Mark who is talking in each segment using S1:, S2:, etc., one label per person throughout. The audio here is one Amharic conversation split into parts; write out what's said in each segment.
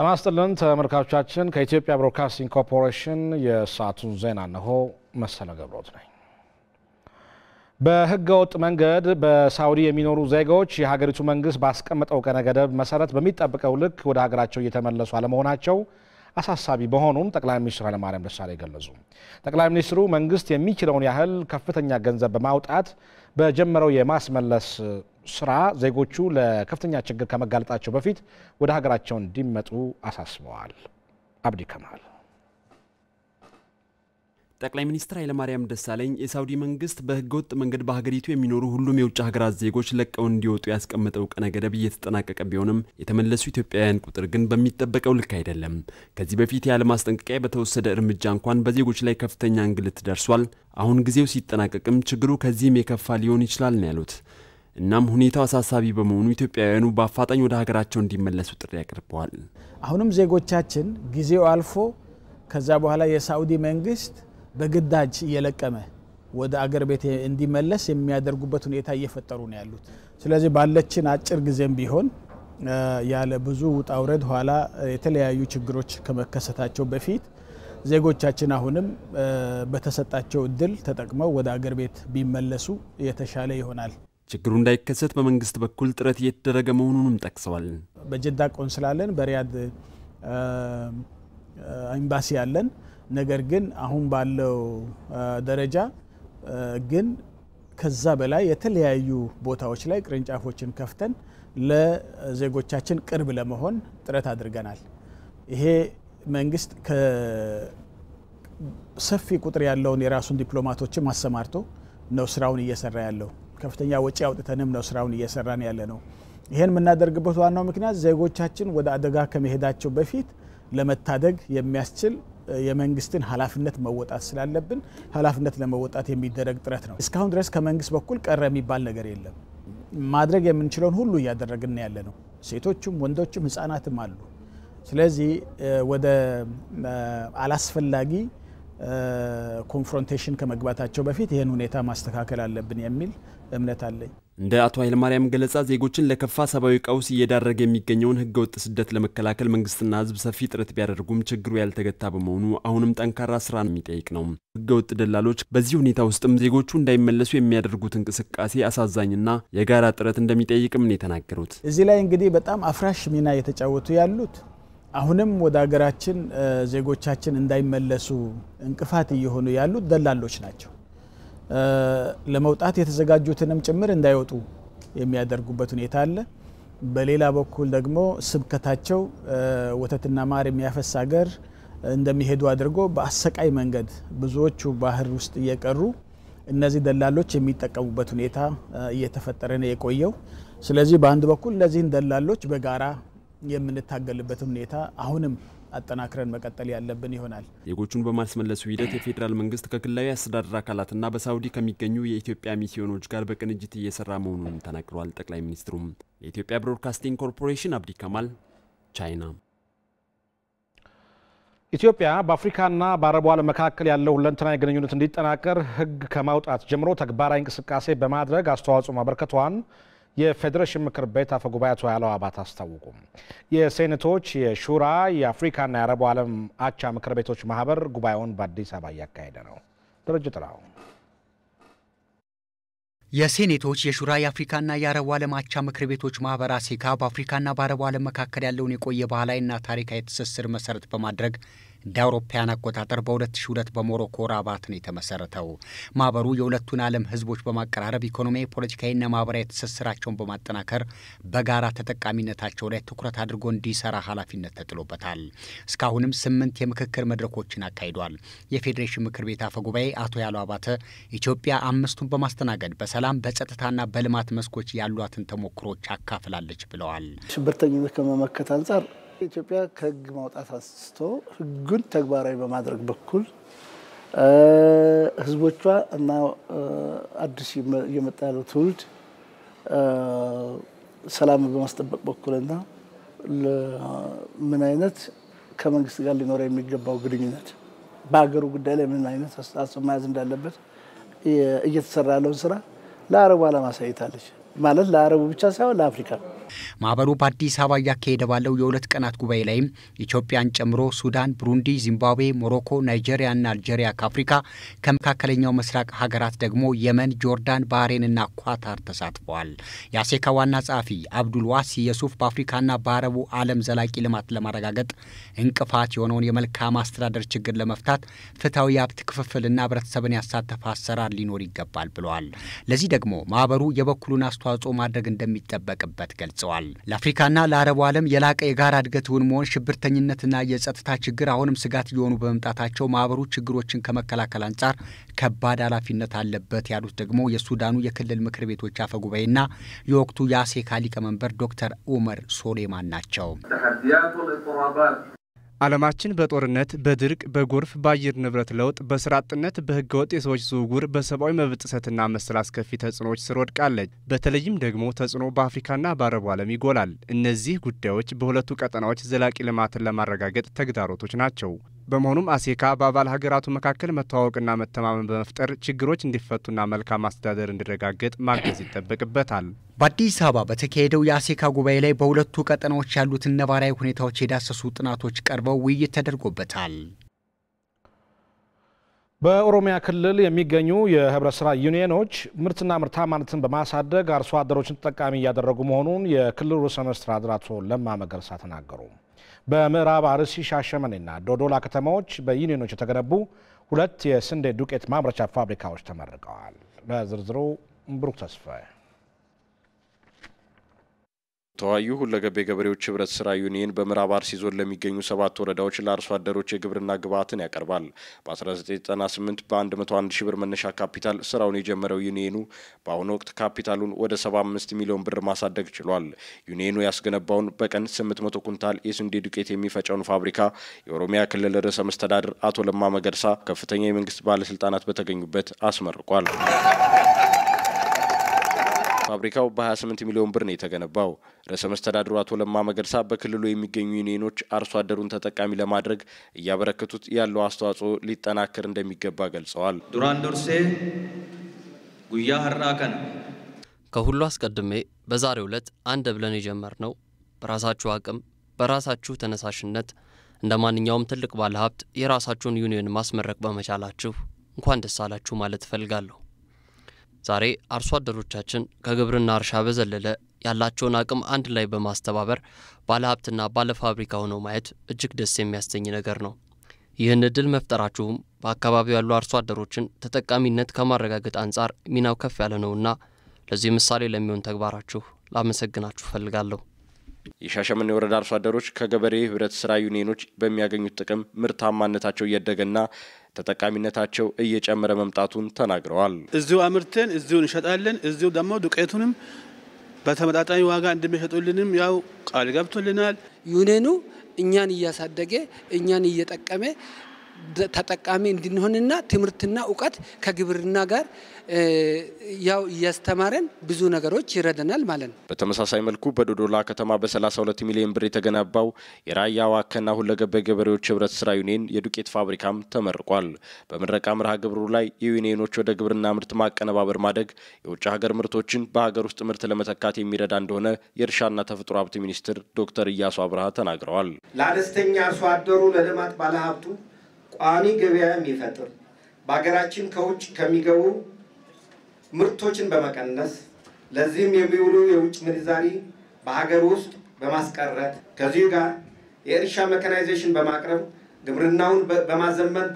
S1: ጤና ይስጥልን ተመልካቾቻችን፣ ከኢትዮጵያ ብሮድካስቲንግ ኮርፖሬሽን የሰዓቱን ዜና እነሆ። መሰለ ገብሮት ነኝ። በህገ ወጥ መንገድ በሳውዲ የሚኖሩ ዜጋዎች የሀገሪቱ መንግስት ባስቀመጠው ቀነ ገደብ መሰረት በሚጠብቀው ልክ ወደ ሀገራቸው እየተመለሱ አለመሆናቸው አሳሳቢ በሆኑም ጠቅላይ ሚኒስትር ኃይለማርያም ደሳለኝ ገለጹ። ጠቅላይ ሚኒስትሩ መንግስት የሚችለውን ያህል ከፍተኛ ገንዘብ በማውጣት በጀመረው የማስመለስ ስራ ዜጎቹ ለከፍተኛ ችግር ከመጋለጣቸው በፊት ወደ ሀገራቸው እንዲመጡ አሳስበዋል። አብዲ ከማል
S2: ጠቅላይ ሚኒስትር ኃይለማርያም ደሳለኝ የሳውዲ መንግስት በህገወጥ መንገድ በሀገሪቱ የሚኖሩ ሁሉም የውጭ ሀገራት ዜጎች ለቀው እንዲወጡ ያስቀመጠው ቀነ ገደብ እየተጠናቀቀ ቢሆንም የተመለሱ ኢትዮጵያውያን ቁጥር ግን በሚጠበቀው ልክ አይደለም። ከዚህ በፊት ያለ ማስጠንቀቂያ በተወሰደ እርምጃ እንኳን በዜጎች ላይ ከፍተኛ እንግልት ደርሷል። አሁን ጊዜው ሲጠናቀቅም ችግሩ ከዚህም የከፋ ሊሆን ይችላል ነው ያሉት። እናም ሁኔታው አሳሳቢ በመሆኑ ኢትዮጵያውያኑ በአፋጣኝ ወደ ሀገራቸው እንዲመለሱ ጥሪ አቅርበዋል።
S3: አሁንም ዜጎቻችን ጊዜው አልፎ ከዛ በኋላ የሳዑዲ መንግስት በግዳጅ እየለቀመ ወደ አገር ቤት እንዲመለስ የሚያደርጉበት ሁኔታ እየፈጠሩ ነው ያሉት። ስለዚህ ባለችን አጭር ጊዜም ቢሆን ያለ ብዙ ውጣውረድ ኋላ የተለያዩ ችግሮች ከመከሰታቸው በፊት ዜጎቻችን አሁንም በተሰጣቸው እድል ተጠቅመው ወደ አገር ቤት ቢመለሱ የተሻለ ይሆናል።
S2: ችግሩ እንዳይከሰት በመንግስት በኩል ጥረት እየተደረገ መሆኑንም ጠቅሰዋል።
S3: በጀዳ ቆንስላ አለን፣ በሪያድ ኤምባሲ አለን። ነገር ግን አሁን ባለው ደረጃ ግን ከዛ በላይ የተለያዩ ቦታዎች ላይ ቅርንጫፎችን ከፍተን ለዜጎቻችን ቅርብ ለመሆን ጥረት አድርገናል። ይሄ መንግስት ሰፊ ቁጥር ያለውን የራሱን ዲፕሎማቶችን አሰማርቶ ነው ስራውን እየሰራ ያለው። ከፍተኛ ወጪ አውጥተንም ነው ስራውን እየሰራን ያለ ነው። ይህን የምናደርግበት ዋናው ምክንያት ዜጎቻችን ወደ አደጋ ከመሄዳቸው በፊት ለመታደግ የሚያስችል የመንግስትን ኃላፊነት መወጣት ስላለብን ኃላፊነት ለመወጣት የሚደረግ ጥረት ነው። እስካሁን ድረስ ከመንግስት በኩል ቀረ የሚባል ነገር የለም። ማድረግ የምንችለውን ሁሉ እያደረግን ያለ ነው። ሴቶቹም ወንዶችም ህጻናትም አሉ። ስለዚህ ወደ አላስፈላጊ ኮንፍሮንቴሽን ከመግባታቸው በፊት ይህን ሁኔታ ማስተካከል አለብን የሚል እምነት አለኝ።
S2: እንደ አቶ ኃይለማርያም ገለጻ ዜጎችን ለከፋ ሰብአዊ ቀውስ እየዳረገ የሚገኘውን ህገወጥ ስደት ለመከላከል መንግስትና ህዝብ ሰፊ ጥረት ቢያደርጉም ችግሩ ያልተገታ በመሆኑ አሁንም ጠንካራ ስራ የሚጠይቅ ነው። ህገወጥ ደላሎች በዚህ ሁኔታ ውስጥም ዜጎቹ እንዳይመለሱ የሚያደርጉት እንቅስቃሴ አሳዛኝና የጋራ ጥረት እንደሚጠይቅም ነው የተናገሩት።
S3: እዚህ ላይ እንግዲህ በጣም አፍራሽ ሚና እየተጫወቱ ያሉት አሁንም ወደ ሀገራችን ዜጎቻችን እንዳይመለሱ እንቅፋት እየሆኑ ያሉት ደላሎች ናቸው። ለመውጣት የተዘጋጁትንም ጭምር እንዳይወጡ የሚያደርጉበት ሁኔታ አለ። በሌላ በኩል ደግሞ ስብከታቸው ወተትና ማር የሚያፈስ ሀገር እንደሚሄዱ አድርጎ በአሰቃይ መንገድ ብዙዎቹ ባህር ውስጥ እየቀሩ እነዚህ ደላሎች የሚጠቀሙበት ሁኔታ እየተፈጠረ ነው የቆየው። ስለዚህ በአንድ በኩል እነዚህን ደላሎች በጋራ የምንታገልበት ሁኔታ አሁንም አጠናክረን መቀጠል ያለብን ይሆናል።
S2: ዜጎቹን በማስመለሱ ሂደት የፌዴራል መንግስት ከክልላዊ አስተዳደር አካላትና በሳውዲ ከሚገኙ የኢትዮጵያ ሚስዮኖች ጋር በቅንጅት እየሰራ መሆኑንም ተናግረዋል። ጠቅላይ ሚኒስትሩም ለኢትዮጵያ ብሮድካስቲንግ ኮርፖሬሽን አብዲ ከማል ቻይና። ኢትዮጵያ
S1: በአፍሪካና በአረቡ ዓለም መካከል ያለው ሁለንተናዊ ግንኙነት እንዲጠናከር ህግ ከማውጣት ጀምሮ ተግባራዊ እንቅስቃሴ በማድረግ አስተዋጽኦ ማበርከቷን የፌዴሬሽን ምክር ቤት አፈ ጉባኤ አቶ ያለው አባት አስታወቁ። የሴኔቶች የሹራ የአፍሪካና የአረቡ ዓለም አቻ ምክር ቤቶች
S4: ማህበር ጉባኤውን በአዲስ አበባ እያካሄደ
S1: ነው። ድርጅት ጥላው
S4: የሴኔቶች የሹራ የአፍሪካና የአረቡ ዓለም አቻ ምክር ቤቶች ማህበር አሴካ በአፍሪካና በአረቡ ዓለም መካከል ያለውን የቆየ ባህላዊና ታሪካዊ ትስስር መሰረት በማድረግ እንደ አውሮፓውያን አቆጣጠር በ2002 በሞሮኮ ራባት ነው የተመሰረተው። ማህበሩ የሁለቱን ዓለም ህዝቦች በማቀራረብ ኢኮኖሚ ፖለቲካዊና ማህበራዊ ትስስራቸውን በማጠናከር በጋራ ተጠቃሚነታቸው ላይ ትኩረት አድርጎ እንዲሰራ ኃላፊነት ተጥሎበታል። እስካሁንም ስምንት የምክክር መድረኮችን አካሂዷል። የፌዴሬሽን ምክር ቤት አፈ ጉባኤ አቶ ያለው አባተ ኢትዮጵያ አምስቱን በማስተናገድ በሰላም በጸጥታና በልማት መስኮች ያሏትን ተሞክሮች አካፍላለች ብለዋል።
S3: ሽብርተኝነት ከመመከት አንጻር ኢትዮጵያ ከህግ ማውጣት አንስቶ ህጉን ተግባራዊ በማድረግ በኩል ህዝቦቿ እና አዲስ እየመጣ ያለው ትውልድ ሰላምን በማስጠበቅ በኩልና ምን አይነት ከመንግስት ጋር ሊኖረው የሚገባው ግንኙነት በሀገሩ ጉዳይ ላይ ምን አይነት አስተሳሰብ መያዝ እንዳለበት እየተሰራ ያለውን ስራ ለአረቡ አላማሳይታለች ማለት ለአረቡ ብቻ ሳይሆን ለአፍሪካ
S4: ማህበሩ በአዲስ አበባ እያካሄደ ባለው የሁለት ቀናት ጉባኤ ላይም ኢትዮጵያን ጨምሮ ሱዳን፣ ብሩንዲ፣ ዚምባብዌ፣ ሞሮኮ፣ ናይጄሪያ እና አልጄሪያ ከአፍሪካ ከመካከለኛው ምስራቅ ሀገራት ደግሞ የመን፣ ጆርዳን፣ ባህሬን ና ኳታር ተሳትፈዋል። የአሴካ ዋና ጸሐፊ አብዱል ዋሲ የሱፍ በአፍሪካና በአረቡ ዓለም ዘላቂ ልማት ለማረጋገጥ እንቅፋት የሆነውን የመልካም አስተዳደር ችግር ለመፍታት ፍትሐዊ የሀብት ና ህብረተሰብን ያሳተፈ አሰራር ሊኖር ይገባል ብለዋል። ለዚህ ደግሞ ማህበሩ የበኩሉን አስተዋጽኦ ማድረግ እንደሚጠበቅበት ገልጸዋል። ገልጸዋል። ለአፍሪካና ለአረቡ ዓለም የላቀ የጋራ እድገት እውን መሆን ሽብርተኝነትና የጸጥታ ችግር አሁንም ስጋት እየሆኑ በመምጣታቸው ማህበሩ ችግሮችን ከመከላከል አንጻር ከባድ ኃላፊነት አለበት ያሉት ደግሞ የሱዳኑ የክልል ምክር ቤቶች አፈጉባኤና የወቅቱ የአሴካ ሊቀመንበር ዶክተር ኡመር ሶሌማን ናቸው። ዓለማችን በጦርነት፣ በድርቅ፣ በጎርፍ፣ በአየር ንብረት ለውጥ፣ በስራ አጥነት፣ በህገ ወጥ የሰዎች ዝውውር፣ በሰብአዊ መብት ጥሰትና መሰል አስከፊ ተጽዕኖዎች ስር ወድቃለች። በተለይም ደግሞ ተጽዕኖ በአፍሪካና በአረቡ ዓለም ይጎላል። እነዚህ ጉዳዮች በሁለቱ ቀጠናዎች ዘላቂ ልማትን ለማረጋገጥ ተግዳሮቶች ናቸው። በመሆኑም አሴካ በአባል ሀገራቱ መካከል መተዋወቅና መተማመን በመፍጠር ችግሮች እንዲፈቱና መልካም አስተዳደር እንዲረጋገጥ ማገዝ ይጠበቅበታል። በአዲስ አበባ በተካሄደው የአሴካ ጉባኤ ላይ በሁለቱ ቀጠናዎች ያሉትን ነባራዊ ሁኔታዎች የዳሰሱ ጥናቶች ቀርበው ውይይት ተደርጎበታል።
S1: በኦሮሚያ ክልል የሚገኙ የህብረት ስራ ዩኒየኖች ምርትና ምርታማነትን በማሳደግ አርሶ አደሮችን ተጠቃሚ እያደረጉ መሆኑን የክልሉ ርዕሰ መስተዳድር አቶ ለማ መገርሳ ተናገሩ። በምዕራብ አርሲ ሻሸመኔና ዶዶላ ከተማዎች በዩኒዮኖች የተገነቡ ሁለት የስንዴ ዱቄት ማምረቻ ፋብሪካዎች ተመርቀዋል። በዝርዝሩ ። ብሩክ ተስፋዬ
S5: ተዋዩ ሁለገብ የገበሬዎች ህብረት ስራ ዩኒየን በምዕራብ አርሲ ዞን ለሚገኙ ሰባት ወረዳዎች ለአርሶ አደሮች የግብርና ግብዓትን ያቀርባል። በ1998 በ101 ሺ ብር መነሻ ካፒታል ስራውን የጀመረው ዩኒየኑ በአሁኑ ወቅት ካፒታሉን ወደ 75 ሚሊዮን ብር ማሳደግ ችሏል። ዩኒየኑ ያስገነባውን በቀን 800 ኩንታል የስንዴ ዱቄት የሚፈጨውን ፋብሪካ የኦሮሚያ ክልል ርዕሰ መስተዳድር አቶ ለማ መገርሳ ከፍተኛ የመንግስት ባለስልጣናት በተገኙበት አስመርቋል። ፋብሪካው በ28 ሚሊዮን ብር ነው የተገነባው። ርዕሰ መስተዳድሩ አቶ ለማ መገርሳ በክልሉ የሚገኙ ዩኒየኖች አርሶ አደሩን ተጠቃሚ ለማድረግ እያበረከቱት ያለው አስተዋጽኦ ሊጠናከር እንደሚገባ ገልጸዋል። ዱራን ዶርሴ ጉያ
S6: ሀራ ከሁሉ አስቀድሜ በዛሬው ዕለት አንድ ብለን የጀመርነው በራሳችሁ አቅም በራሳችሁ ተነሳሽነት እንደ ማንኛውም ትልቅ ባለሀብት የራሳችሁን ዩኒየን ማስመረቅ በመቻላችሁ እንኳን ደስ አላችሁ ማለት እፈልጋለሁ። ዛሬ አርሶ አደሮቻችን ከግብርና እርሻ በዘለለ ያላቸውን አቅም አንድ ላይ በማስተባበር ባለሀብትና ባለፋብሪካ ሆነው ማየት እጅግ ደስ የሚያሰኝ ነገር ነው። ይህን እድል መፍጠራችሁም በአካባቢው ያሉ አርሶ አደሮችን ተጠቃሚነት ከማረጋገጥ አንጻር ሚናው ከፍ ያለ ነውና ለዚህ ምሳሌ ለሚሆን ተግባራችሁ ላመሰግናችሁ ፈልጋለሁ።
S5: የሻሸመኔ ወረዳ አርሶ አደሮች ከገበሬ ህብረት ስራ ዩኒየኖች በሚያገኙት ጥቅም ምርታማነታቸው እያደገና ተጠቃሚነታቸው እየጨመረ መምጣቱን ተናግረዋል።
S3: እዚሁ አምርተን እዚሁ እንሸጣለን። እዚሁ ደግሞ ዱቄቱንም በተመጣጣኝ ዋጋ እንደሚሸጡልንም ያው ቃል ገብቶልናል። ዩኔኑ እኛን እያሳደገ እኛን እየጠቀመ ተጠቃሚ እንድንሆንና ትምህርትና እውቀት ከግብርና ጋር ያው እያስተማረን ብዙ ነገሮች ይረደናል ማለት ነው።
S5: በተመሳሳይ መልኩ በዶዶላ ከተማ በ32 ሚሊዮን ብር የተገነባው የራያ ዋከና ሁለገበ ገበሬዎች ህብረት ስራ ዩኒየን የዱቄት ፋብሪካም ተመርቋል። በምረቃ መርሃ ግብሩ ላይ የዩኒየኖች ወደ ግብርና ምርት ማቀነባበር ማደግ የውጭ ሀገር ምርቶችን በሀገር ውስጥ ምርት ለመተካት የሚረዳ እንደሆነ የእርሻና ተፈጥሮ ሀብት ሚኒስትር ዶክተር ኢያሱ አብርሃ ተናግረዋል።
S1: ለአነስተኛ አርሶ አደሩ ለልማት ባለሀብቱ ቋሚ ገበያ የሚፈጥር በሀገራችን ከውጭ ከሚገቡ
S4: ምርቶችን በመቀነስ ለዚህም የሚውሉ የውጭ ምንዛሪ በሀገር ውስጥ በማስቀረት ከዚሁ ጋር የእርሻ መካናይዜሽን በማቅረብ ግብርናውን
S1: በማዘመን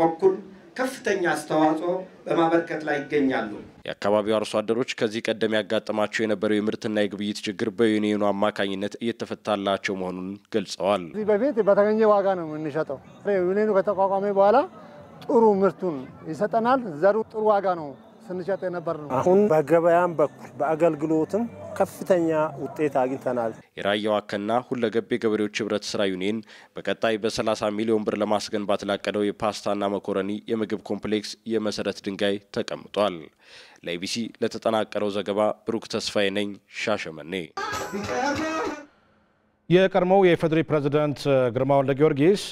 S1: በኩል ከፍተኛ አስተዋጽኦ በማበርከት ላይ ይገኛሉ።
S5: የአካባቢው አርሶ አደሮች ከዚህ ቀደም ያጋጠማቸው የነበረው የምርትና የግብይት ችግር በዩኒየኑ አማካኝነት እየተፈታላቸው መሆኑን ገልጸዋል።
S2: ከዚህ በፊት በተገኘ ዋጋ ነው የምንሸጠው። ዩኒየኑ ከተቋቋመ በኋላ ጥሩ ምርቱን ይሰጠናል። ዘሩ ጥሩ ዋጋ ነው ስንሸጥ የነበር ነው። አሁን በገበያም በኩል በአገልግሎትም ከፍተኛ ውጤት አግኝተናል። የራያ
S5: ዋከና ሁለገብ የገበሬዎች ህብረት ስራ ዩኒየን በቀጣይ በ30 ሚሊዮን ብር ለማስገንባት ላቀደው የፓስታና መኮረኒ የምግብ ኮምፕሌክስ የመሰረት ድንጋይ ተቀምጧል። ለኢቢሲ ለተጠናቀረው ዘገባ ብሩክ ተስፋዬ ነኝ፣ ሻሸመኔ።
S1: የቀድሞው የኢፌዴሪ ፕሬዝዳንት ግርማ ወልደ ጊዮርጊስ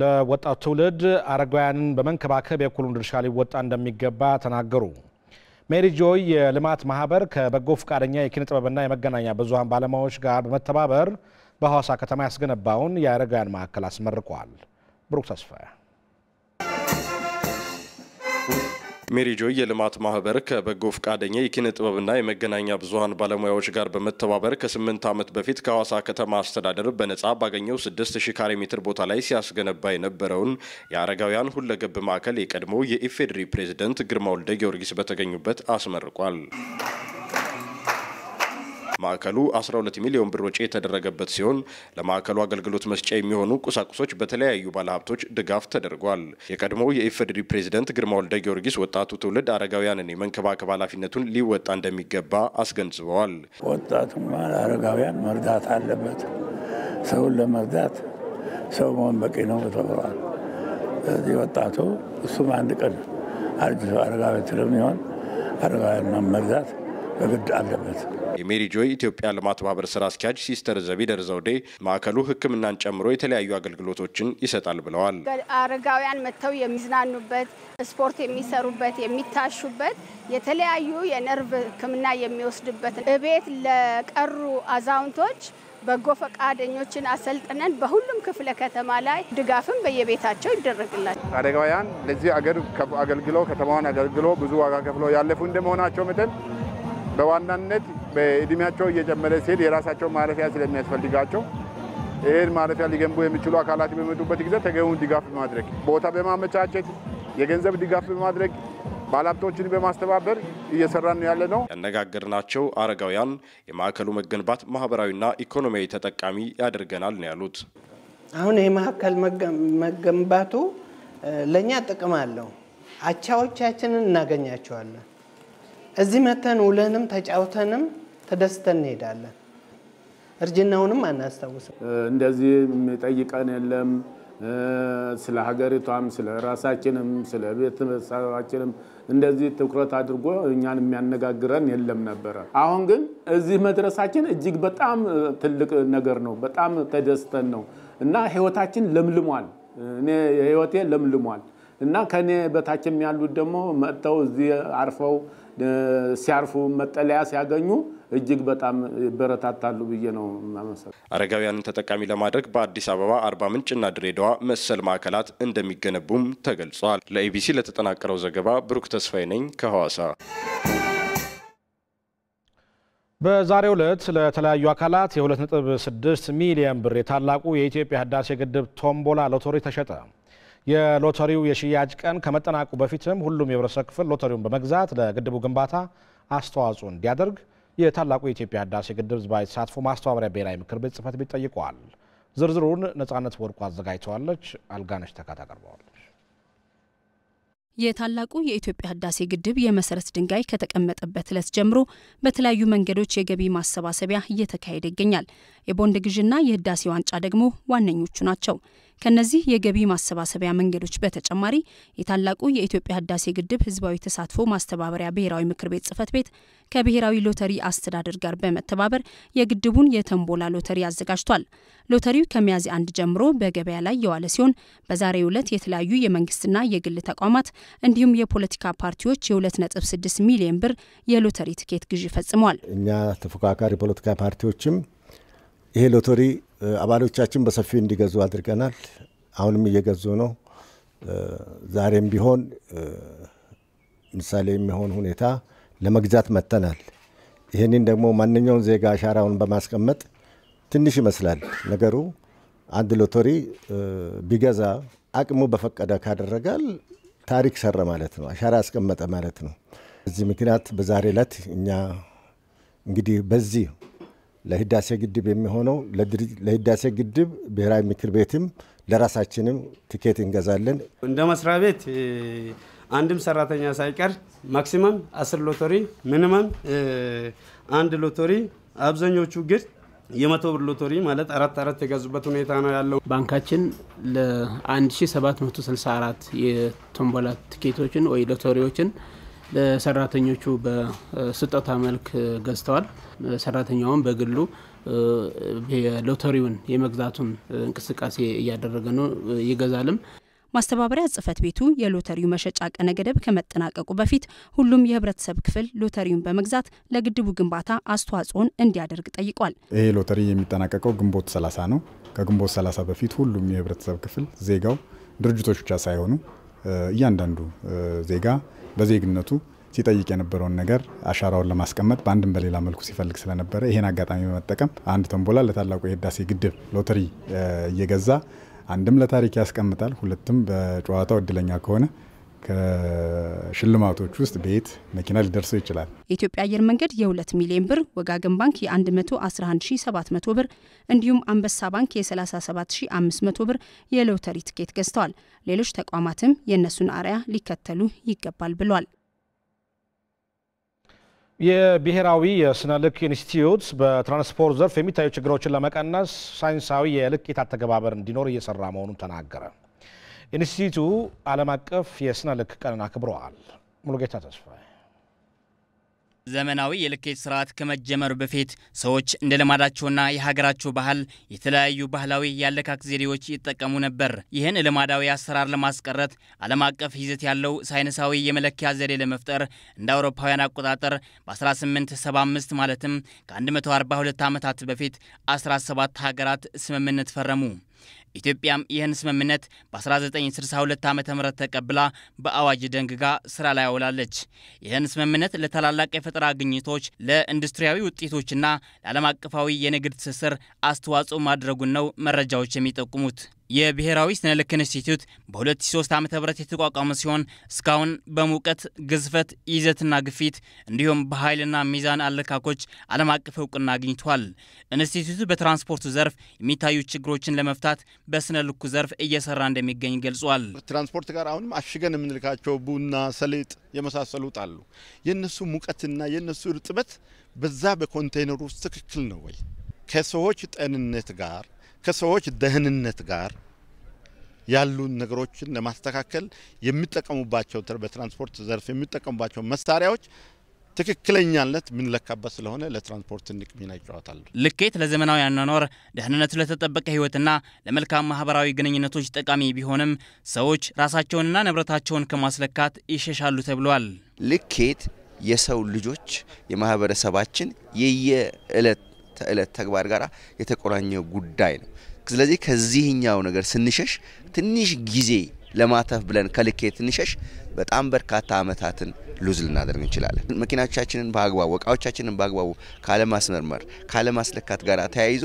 S1: ለወጣቱ ትውልድ አረጋውያንን በመንከባከብ የኩሉን ድርሻ ሊወጣ እንደሚገባ ተናገሩ። ሜሪ ጆይ የልማት ማህበር ከበጎ ፈቃደኛ የኪነ ጥበብና የመገናኛ ብዙሀን ባለሙያዎች ጋር በመተባበር በሐዋሳ ከተማ ያስገነባውን የአረጋውያን ማዕከል አስመርቋል። ብሩክ ተስፋ
S5: ሜሪጆ የልማት ማህበር ከበጎ ፈቃደኛ የኪነ ጥበብና የመገናኛ ብዙሀን ባለሙያዎች ጋር በመተባበር ከስምንት ዓመት በፊት ከሐዋሳ ከተማ አስተዳደር በነፃ ባገኘው ስድስት ሺ ካሬ ሜትር ቦታ ላይ ሲያስገነባ የነበረውን የአረጋውያን ሁለገብ ማዕከል የቀድሞ የኢፌዴሪ ፕሬዚደንት ግርማ ወልደ ጊዮርጊስ በተገኙበት አስመርቋል። ማዕከሉ 12 ሚሊዮን ብር ወጪ የተደረገበት ሲሆን ለማዕከሉ አገልግሎት መስጫ የሚሆኑ ቁሳቁሶች በተለያዩ ባለሀብቶች ድጋፍ ተደርጓል። የቀድሞው የኢፌዴሪ ፕሬዝደንት ግርማ ወልደ ጊዮርጊስ ወጣቱ ትውልድ አረጋውያንን የመንከባከብ ኃላፊነቱን ሊወጣ እንደሚገባ አስገንዝበዋል። ወጣቱ አረጋውያን
S3: መርዳት አለበት። ሰውን ለመርዳት ሰው መሆን በቂ ነው ተብሏል። ስለዚህ ወጣቱ እሱም አንድ ቀን አርጅቶ አረጋዊ ስለሚሆን አረጋውያን መርዳት በግድ አለበት።
S5: ጆይ ኢትዮጵያ ልማት ማህበር ስራ አስኪያጅ ሲስተር ዘቢደር ዘውዴ ማዕከሉ ሕክምናን ጨምሮ የተለያዩ አገልግሎቶችን ይሰጣል ብለዋል።
S7: አረጋውያን መጥተው የሚዝናኑበት፣ ስፖርት የሚሰሩበት፣ የሚታሹበት፣ የተለያዩ የነርቭ ሕክምና የሚወስድበት እቤት ለቀሩ አዛውንቶች በጎ ፈቃደኞችን አሰልጥነን በሁሉም ክፍለ ከተማ ላይ ድጋፍም በየቤታቸው ይደረግላቸው።
S3: አረጋውያን ለዚህ አገር አገልግሎ ከተማዋን አገልግሎ ብዙ ዋጋ ከፍሎ ያለፉ እንደመሆናቸው መጠን በዋናነት በእድሜያቸው እየጨመረ ሲሄድ የራሳቸው ማረፊያ ስለሚያስፈልጋቸው ይህን ማረፊያ ሊገንቡ የሚችሉ አካላት በመጡበት ጊዜ ተገቢውን ድጋፍ በማድረግ ቦታ በማመቻቸት የገንዘብ ድጋፍ በማድረግ ባለሀብቶችን በማስተባበር እየሰራን ያለ ነው።
S5: ያነጋገርናቸው አረጋውያን የማዕከሉ መገንባት ማህበራዊና ኢኮኖሚያዊ ተጠቃሚ ያደርገናል ነው ያሉት።
S6: አሁን የማዕከል መገንባቱ ለእኛ ጥቅም አለው። አቻዎቻችንን እናገኛቸዋለን። እዚህ መተን ውለንም ተጫውተንም ተደስተን እንሄዳለን። እርጅናውንም አናስታውስም።
S3: እንደዚህ የሚጠይቀን የለም። ስለ ሀገሪቷም ስለ ራሳችንም ስለ ቤተሰባችንም እንደዚህ ትኩረት አድርጎ እኛን የሚያነጋግረን የለም ነበረ። አሁን ግን እዚህ መድረሳችን እጅግ በጣም ትልቅ ነገር ነው። በጣም ተደስተን ነው እና ህይወታችን ለምልሟል። እኔ ህይወቴ ለምልሟል እና ከኔ በታችም ያሉት ደግሞ መጥተው እዚህ አርፈው ሲያርፉ መጠለያ ሲያገኙ እጅግ በጣም ይበረታታሉ ብዬ ነው ማመሰል።
S5: አረጋውያንን ተጠቃሚ ለማድረግ በአዲስ አበባ፣ አርባ ምንጭና ድሬዳዋ መሰል ማዕከላት እንደሚገነቡም ተገልጿል። ለኢቢሲ ለተጠናቀረው ዘገባ ብሩክ ተስፋዬ ነኝ ከሐዋሳ።
S1: በዛሬው ዕለት ለተለያዩ አካላት የ2.6 ሚሊዮን ብር የታላቁ የኢትዮጵያ ህዳሴ ግድብ ቶምቦላ ሎተሪ ተሸጠ። የሎተሪው የሽያጭ ቀን ከመጠናቁ በፊትም ሁሉም የህብረተሰብ ክፍል ሎተሪውን በመግዛት ለግድቡ ግንባታ አስተዋጽኦ እንዲያደርግ የታላቁ የኢትዮጵያ ህዳሴ ግድብ ህዝባዊ ተሳትፎ ማስተባበሪያ ብሔራዊ ምክር ቤት ጽህፈት ቤት ጠይቀዋል። ዝርዝሩን ነጻነት ወርቁ አዘጋጅተዋለች። አልጋነሽ ተካት አቀርበዋለች።
S7: የታላቁ የኢትዮጵያ ህዳሴ ግድብ የመሰረት ድንጋይ ከተቀመጠበት ዕለት ጀምሮ በተለያዩ መንገዶች የገቢ ማሰባሰቢያ እየተካሄደ ይገኛል። የቦንድ ግዥና የህዳሴ ዋንጫ ደግሞ ዋነኞቹ ናቸው። ከነዚህ የገቢ ማሰባሰቢያ መንገዶች በተጨማሪ የታላቁ የኢትዮጵያ ህዳሴ ግድብ ህዝባዊ ተሳትፎ ማስተባበሪያ ብሔራዊ ምክር ቤት ጽህፈት ቤት ከብሔራዊ ሎተሪ አስተዳደር ጋር በመተባበር የግድቡን የተንቦላ ሎተሪ አዘጋጅቷል። ሎተሪው ከሚያዝያ አንድ ጀምሮ በገበያ ላይ የዋለ ሲሆን በዛሬው ዕለት የተለያዩ የመንግስትና የግል ተቋማት እንዲሁም የፖለቲካ ፓርቲዎች የ2.6 ሚሊዮን ብር የሎተሪ ትኬት ግዢ ፈጽመዋል።
S5: እኛ ተፎካካሪ ፖለቲካ ፓርቲዎችም ይሄ ሎተሪ አባሎቻችን በሰፊው እንዲገዙ አድርገናል። አሁንም እየገዙ ነው። ዛሬም ቢሆን ምሳሌ የሚሆን ሁኔታ ለመግዛት መጥተናል። ይህንን ደግሞ ማንኛውም ዜጋ አሻራውን በማስቀመጥ ትንሽ ይመስላል ነገሩ። አንድ ሎተሪ ቢገዛ አቅሙ በፈቀደ ካደረጋል ታሪክ ሰራ ማለት ነው፣ አሻራ አስቀመጠ ማለት ነው። እዚህ ምክንያት በዛሬ ዕለት እኛ እንግዲህ በዚህ ለህዳሴ ግድብ የሚሆነው ለህዳሴ ግድብ ብሔራዊ ምክር ቤትም ለራሳችንም ትኬት እንገዛለን።
S4: እንደ መስሪያ ቤት አንድም ሰራተኛ ሳይቀር ማክሲመም አስር ሎተሪ ሚኒመም አንድ ሎተሪ አብዛኞቹ ግን የመቶ ብር ሎተሪ
S6: ማለት አራት አራት የገዙበት ሁኔታ ነው ያለው። ባንካችን ለ1764 የቶምቦላ ትኬቶችን ወይ ሎተሪዎችን ለሰራተኞቹ በስጦታ መልክ ገዝተዋል። ሰራተኛውም በግሉ
S7: የሎተሪውን የመግዛቱን እንቅስቃሴ እያደረገ ነው፣ ይገዛልም። ማስተባበሪያ ጽህፈት ቤቱ የሎተሪው መሸጫ ቀነ ገደብ ከመጠናቀቁ በፊት ሁሉም የህብረተሰብ ክፍል ሎተሪውን በመግዛት ለግድቡ ግንባታ አስተዋጽኦን እንዲያደርግ ጠይቋል።
S3: ይሄ ሎተሪ የሚጠናቀቀው ግንቦት 30 ነው። ከግንቦት 30 በፊት ሁሉም የህብረተሰብ ክፍል ዜጋው፣ ድርጅቶች ብቻ ሳይሆኑ እያንዳንዱ ዜጋ በዜግነቱ ሲጠይቅ የነበረውን ነገር አሻራውን ለማስቀመጥ በአንድም በሌላ መልኩ ሲፈልግ ስለነበረ ይሄን አጋጣሚ በመጠቀም አንድ ተንቦላ ለታላቁ የህዳሴ ግድብ ሎተሪ እየገዛ አንድም ለታሪክ ያስቀምጣል፣ ሁለትም በጨዋታው እድለኛ ከሆነ ከሽልማቶች ውስጥ ቤት፣ መኪና ሊደርሰው ይችላል።
S7: የኢትዮጵያ አየር መንገድ የ2 ሚሊዮን ብር፣ ወጋገን ባንክ የ111700 ብር እንዲሁም አንበሳ ባንክ የ37500 ብር የሎተሪ ትኬት ገዝተዋል። ሌሎች ተቋማትም የእነሱን አርያ ሊከተሉ ይገባል ብሏል።
S1: የብሔራዊ የስነ ልክ ኢንስቲትዩት በትራንስፖርት ዘርፍ የሚታዩ ችግሮችን ለመቀነስ ሳይንሳዊ የልኬት አተገባበር እንዲኖር እየሰራ መሆኑን ተናገረ። ኢንስቲትዩቱ ዓለም አቀፍ የስነ ልክ ቀንን አክብረዋል። ሙሉጌታ ተስፋ
S6: ዘመናዊ የልኬት ስርዓት ከመጀመሩ በፊት ሰዎች እንደ ልማዳቸውና የሀገራቸው ባህል የተለያዩ ባህላዊ የአለካክ ዘዴዎች ይጠቀሙ ነበር። ይህን ልማዳዊ አሰራር ለማስቀረት ዓለም አቀፍ ይዘት ያለው ሳይንሳዊ የመለኪያ ዘዴ ለመፍጠር እንደ አውሮፓውያን አቆጣጠር በ1875 ማለትም ከ142 ዓመታት በፊት 17 ሀገራት ስምምነት ፈረሙ። ኢትዮጵያም ይህን ስምምነት በ1962 ዓ ም ተቀብላ በአዋጅ ደንግጋ ስራ ላይ አውላለች። ይህን ስምምነት ለታላላቅ የፈጠራ ግኝቶች፣ ለኢንዱስትሪያዊ ውጤቶችና ለዓለም አቀፋዊ የንግድ ትስስር አስተዋጽኦ ማድረጉን ነው መረጃዎች የሚጠቁሙት። የብሔራዊ ስነ ልክ ኢንስቲትዩት በ2003 ዓ ም የተቋቋመ ሲሆን እስካሁን በሙቀት ግዝፈት፣ ይዘትና ግፊት እንዲሁም በኃይልና ሚዛን አለካኮች ዓለም አቀፍ እውቅና አግኝቷል። ኢንስቲትዩቱ በትራንስፖርቱ ዘርፍ የሚታዩ ችግሮችን ለመፍታት በስነ ልኩ ዘርፍ እየሰራ እንደሚገኝ ገልጿል። ትራንስፖርት
S1: ጋር አሁንም አሽገን የምንልካቸው ቡና፣ ሰሊጥ የመሳሰሉት አሉ። የእነሱ ሙቀትና የእነሱ እርጥበት በዛ በኮንቴይነሩ ውስጥ ትክክል ነው ወይ ከሰዎች ጤንነት ጋር ከሰዎች ደህንነት ጋር ያሉ ነገሮችን ለማስተካከል የሚጠቀሙባቸው በትራንስፖርት ዘርፍ የሚጠቀሙባቸው መሳሪያዎች ትክክለኛነት የምንለካበት ስለሆነ ለትራንስፖርት ትልቅ ሚና ይጫወታሉ።
S6: ልኬት ለዘመናዊ አኗኗር፣ ደህንነቱ ለተጠበቀ ህይወትና ለመልካም ማህበራዊ ግንኙነቶች ጠቃሚ ቢሆንም ሰዎች ራሳቸውንና ንብረታቸውን ከማስለካት ይሸሻሉ ተብሏል።
S4: ልኬት የሰው ልጆች የማህበረሰባችን የየዕለት ተዕለት ተግባር ጋር የተቆራኘ ጉዳይ ነው። ስለዚህ ከዚህኛው ነገር ስንሸሽ ትንሽ ጊዜ ለማተፍ ብለን ከልኬ ትንሸሽ በጣም በርካታ አመታትን ሉዝ ልናደርግ እንችላለን። መኪናዎቻችንን በአግባቡ እቃዎቻችንን በአግባቡ ካለማስመርመር ካለማስለካት ጋር ተያይዞ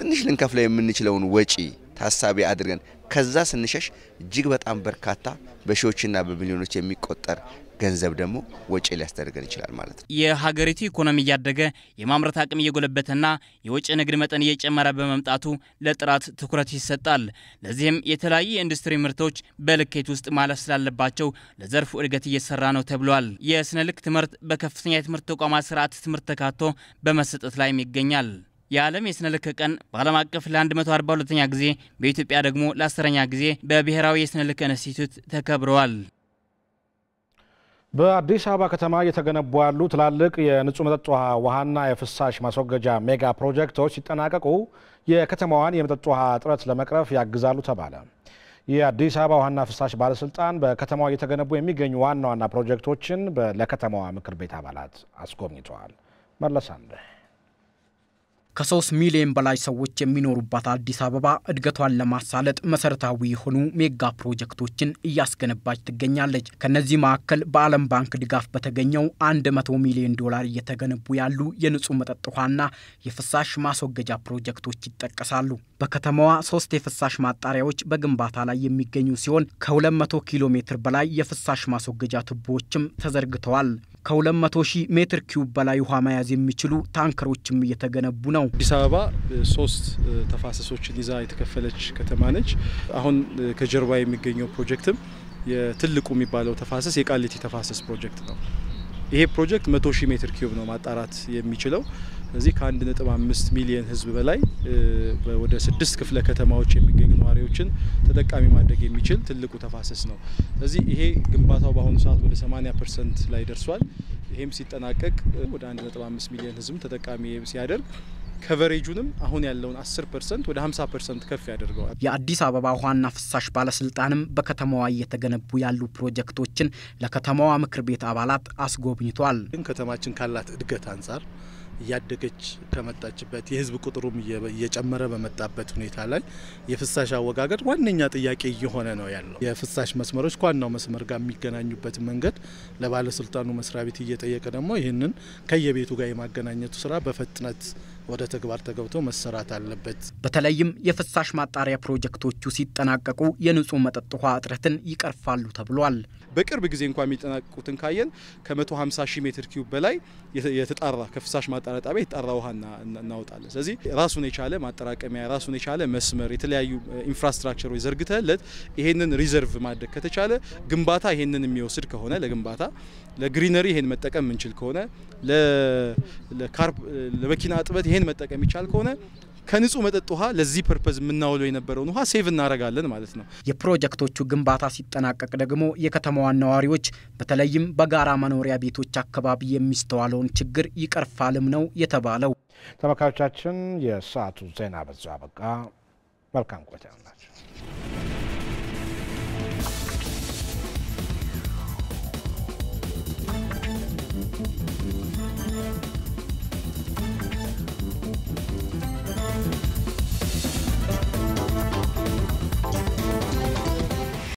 S4: ትንሽ ልንከፍለው የምንችለውን ወጪ ታሳቢ አድርገን ከዛ ስንሸሽ እጅግ በጣም በርካታ በሺዎችና በሚሊዮኖች የሚቆጠር ገንዘብ ደግሞ ወጪ ሊያስደርገን ይችላል ማለት
S6: ነው። የሀገሪቱ ኢኮኖሚ እያደገ የማምረት አቅም እየጎለበተና የወጪ ንግድ መጠን እየጨመረ በመምጣቱ ለጥራት ትኩረት ይሰጣል። ለዚህም የተለያዩ የኢንዱስትሪ ምርቶች በልኬት ውስጥ ማለፍ ስላለባቸው ለዘርፉ እድገት እየሰራ ነው ተብሏል። የስነ ልክ ትምህርት በከፍተኛ የትምህርት ተቋማት ስርዓት ትምህርት ተካቶ በመሰጠት ላይም ይገኛል። የዓለም የስነ ልክ ቀን በዓለም አቀፍ ለ142ኛ ጊዜ በኢትዮጵያ ደግሞ ለአስረኛ ጊዜ በብሔራዊ የስነ ልክ ኢንስቲትዩት ተከብረዋል።
S1: በአዲስ አበባ ከተማ እየተገነቡ ያሉ ትላልቅ የንጹህ መጠጥ ውሃ ውሃና የፍሳሽ ማስወገጃ ሜጋ ፕሮጀክቶች ሲጠናቀቁ የከተማዋን የመጠጥ ውሃ እጥረት ለመቅረፍ ያግዛሉ ተባለ። የአዲስ አበባ ውሃና ፍሳሽ ባለስልጣን በከተማዋ እየተገነቡ የሚገኙ ዋና ዋና ፕሮጀክቶችን ለከተማዋ ምክር ቤት አባላት
S8: አስጎብኝተዋል። መለስ አንደ ከሶስት ሚሊዮን በላይ ሰዎች የሚኖሩባት አዲስ አበባ እድገቷን ለማሳለጥ መሰረታዊ የሆኑ ሜጋ ፕሮጀክቶችን እያስገነባች ትገኛለች። ከነዚህ መካከል በዓለም ባንክ ድጋፍ በተገኘው 100 ሚሊዮን ዶላር እየተገነቡ ያሉ የንጹህ መጠጥ ውሃና የፍሳሽ ማስወገጃ ፕሮጀክቶች ይጠቀሳሉ። በከተማዋ ሶስት የፍሳሽ ማጣሪያዎች በግንባታ ላይ የሚገኙ ሲሆን ከ200 ኪሎ ሜትር በላይ የፍሳሽ ማስወገጃ ቱቦዎችም ተዘርግተዋል። ከ200 ሺህ ሜትር ኪዩብ በላይ ውሃ መያዝ የሚችሉ ታንከሮችም እየተገነቡ ነው። አዲስ አበባ
S9: ሶስት ተፋሰሶችን ይዛ የተከፈለች ከተማ ነች። አሁን ከጀርባ የሚገኘው ፕሮጀክትም የትልቁ የሚባለው ተፋሰስ የቃሊቲ ተፋሰስ ፕሮጀክት ነው። ይሄ ፕሮጀክት 100 ሺህ ሜትር ኪዩብ ነው ማጣራት የሚችለው። ስለዚህ ከ1.5 ሚሊዮን ህዝብ በላይ ወደ ስድስት ክፍለ ከተማዎች የሚገኙ ነዋሪዎችን ተጠቃሚ ማድረግ የሚችል ትልቁ ተፋሰስ ነው። ስለዚህ ይሄ ግንባታው በአሁኑ ሰዓት ወደ 80 ፐርሰንት ላይ ደርሷል። ይህም ሲጠናቀቅ ወደ 1.5 ሚሊዮን ህዝብ ተጠቃሚ ሲያደርግ ከቨሬጁንም አሁን ያለውን 10 ፐርሰንት ወደ 50 ፐርሰንት ከፍ ያደርገዋል።
S8: የአዲስ አበባ ውሃና ፍሳሽ ባለስልጣንም በከተማዋ እየተገነቡ ያሉ ፕሮጀክቶችን ለከተማዋ ምክር ቤት አባላት አስጎብኝቷል።
S9: ከተማችን ካላት እድገት አንጻር እያደገች ከመጣችበት የህዝብ ቁጥሩም እየጨመረ በመጣበት ሁኔታ ላይ የፍሳሽ አወጋገድ ዋነኛ ጥያቄ እየሆነ ነው ያለው። የፍሳሽ መስመሮች ከዋናው መስመር ጋር የሚገናኙበት መንገድ ለባለስልጣኑ መስሪያ ቤት እየጠየቀ ደግሞ ይህንን ከየቤቱ ጋር የማገናኘቱ ስራ በፍጥነት ወደ ተግባር ተገብቶ መሰራት አለበት።
S8: በተለይም የፍሳሽ ማጣሪያ ፕሮጀክቶቹ ሲጠናቀቁ የንጹህ መጠጥ ውሃ እጥረትን ይቀርፋሉ
S9: ተብሏል። በቅርብ ጊዜ እንኳ የሚጠናቀቁትን ካየን ከ150 ሺህ ሜትር ኪዩብ በላይ የተጣራ ከፍሳሽ ማጣሪያ ጣቢያ የተጣራ ውሃ እናወጣለን። ስለዚህ ራሱን የቻለ ማጠራቀሚያ፣ ራሱን የቻለ መስመር፣ የተለያዩ ኢንፍራስትራክቸሮች ዘርግተለት ይሄንን ሪዘርቭ ማድረግ ከተቻለ ግንባታ ይሄንን የሚወስድ ከሆነ ለግንባታ ለግሪነሪ ይሄን መጠቀም የምንችል ከሆነ ለመኪና እጥበት ይሄን መጠቀም ይቻል ከሆነ ከንጹህ መጠጥ ውሃ ለዚህ ፐርፐዝ የምናውለው የነበረውን ውሃ ሴቭ እናደርጋለን ማለት ነው።
S8: የፕሮጀክቶቹ ግንባታ ሲጠናቀቅ ደግሞ የከተማዋን ነዋሪዎች በተለይም በጋራ መኖሪያ ቤቶች አካባቢ የሚስተዋለውን ችግር ይቀርፋልም ነው የተባለው። ተመልካቾቻችን፣ የሰዓቱ ዜና በዛ
S1: አበቃ። መልካም ቆይታ ናቸው።